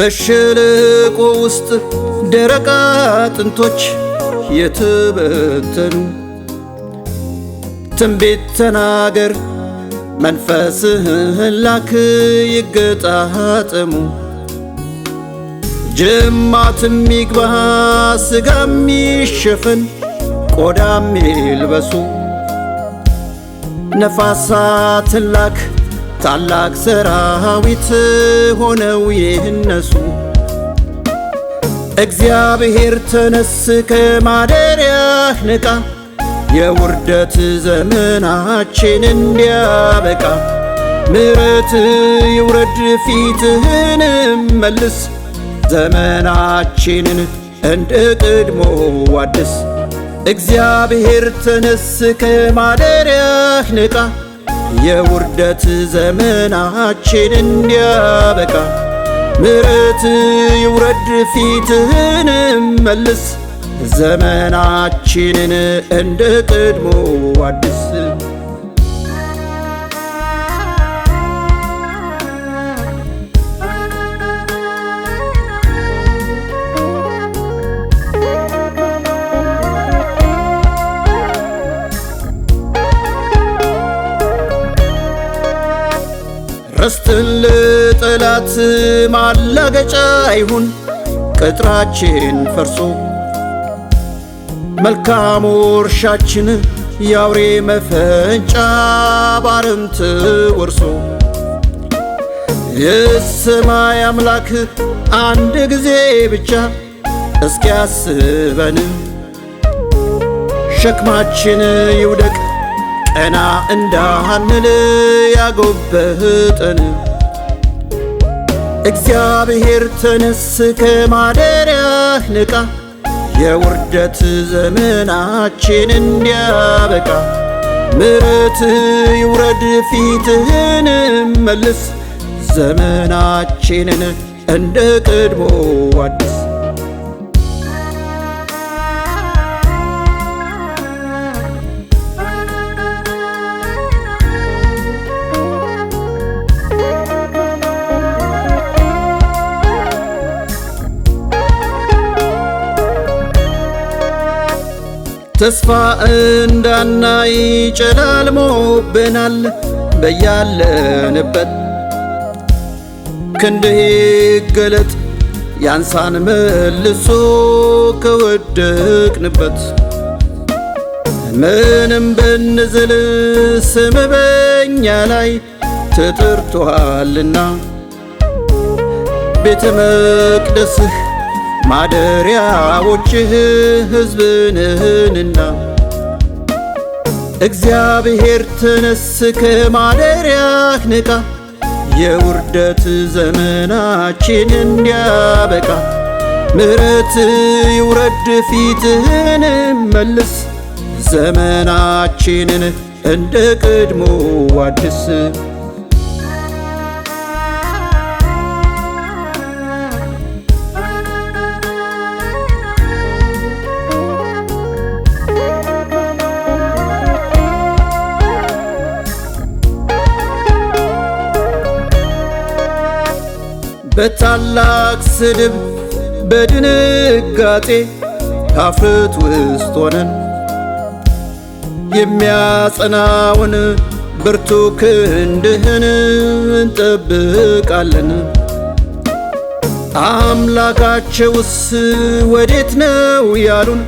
በሸለቆ ውስጥ ደረቅ አጥንቶች የተበተኑ ትንቢት ተናገር መንፈስህን ላክ ይገጣጠሙ ጅማት ሚግባ ስጋ ሚሸፍን ቆዳ ይልበሱ ነፋሳትን ላክ ታላቅ ሰራዊት ሆነው የእነሱ እግዚአብሔር ተነስ ከማደሪያህ ንቃ፣ የውርደት ዘመናችን እንዲያበቃ ምረት ይውረድ ፊትህን መልስ፣ ዘመናችንን እንደ ቅድሞ አድስ። እግዚአብሔር ተነስ ከማደሪያህ ንቃ የውርደት ዘመናችን እንዲያበቃ ምረት ይውረድ ፊትህን መልስ ዘመናችንን እንደ ቀድሞ አድስ ቀስትን ለጠላት ማላገጫ ይሁን ቅጥራችን ፈርሶ መልካሙ እርሻችን የአውሬ መፈንጫ ባርምት ወርሶ የሰማይ አምላክ አንድ ጊዜ ብቻ እስኪያስበን ሸክማችን ይውደቅ ቀና እንዳንል ያጎበጠን እግዚአብሔር ተነስ ከማደሪያህ ንቃ የውርደት ዘመናችን እንዲያበቃ ምሕረትህ ይውረድ ፊትህን መልስ ዘመናችንን እንደ ቀድሞ አድስ ተስፋ እንዳናይ ጨላልሞብናል በያለንበት ክንድህ ገለጥ ያንሳን መልሶ ከወደቅንበት ምንም ብንዝል ስም በኛ ላይ ተጠርቶአልና ቤተ መቅደስህ ማደሪያዎችህ ሕዝብንህንና እግዚአብሔር ተነስ ከማደሪያህ ንቃ፣ የውርደት ዘመናችን እንዲያበቃ ምሕረት ይውረድ ፊትህን መልስ፣ ዘመናችንን እንደ ቅድሞ አድስ። በታላቅ ስድብ በድንጋጤ ካፍርት ውስጥ ሆነን የሚያጸናውን ብርቱ ክንድህን እንጠብቃለን። አምላካቸውስ ወዴት ነው ያሉን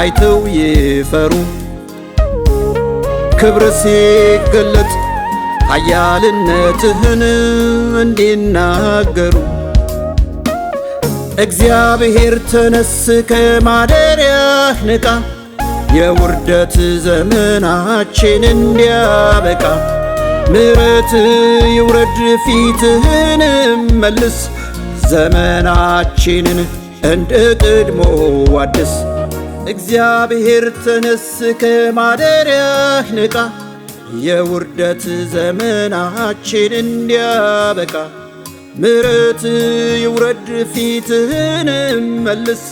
አይተው ይፈሩ ክብር ሲገለጥ አያልነትህን እንዲናገሩ እግዚአብሔር ተነስ ከማደሪያህ ንቃ፣ የውርደት ዘመናችን እንዲያበቃ ምረት ይውረድ ፊትህን መልስ፣ ዘመናችንን እንደ ቅድሞ አድስ። እግዚአብሔር ተነስ ከማደሪያህ ንቃ የውርደት ዘመናችን እንዲያበቃ ምረት ይውረድ፣ ፊትህን መልስ፣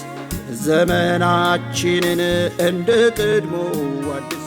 ዘመናችንን እንደ ቅድሞ አድስ።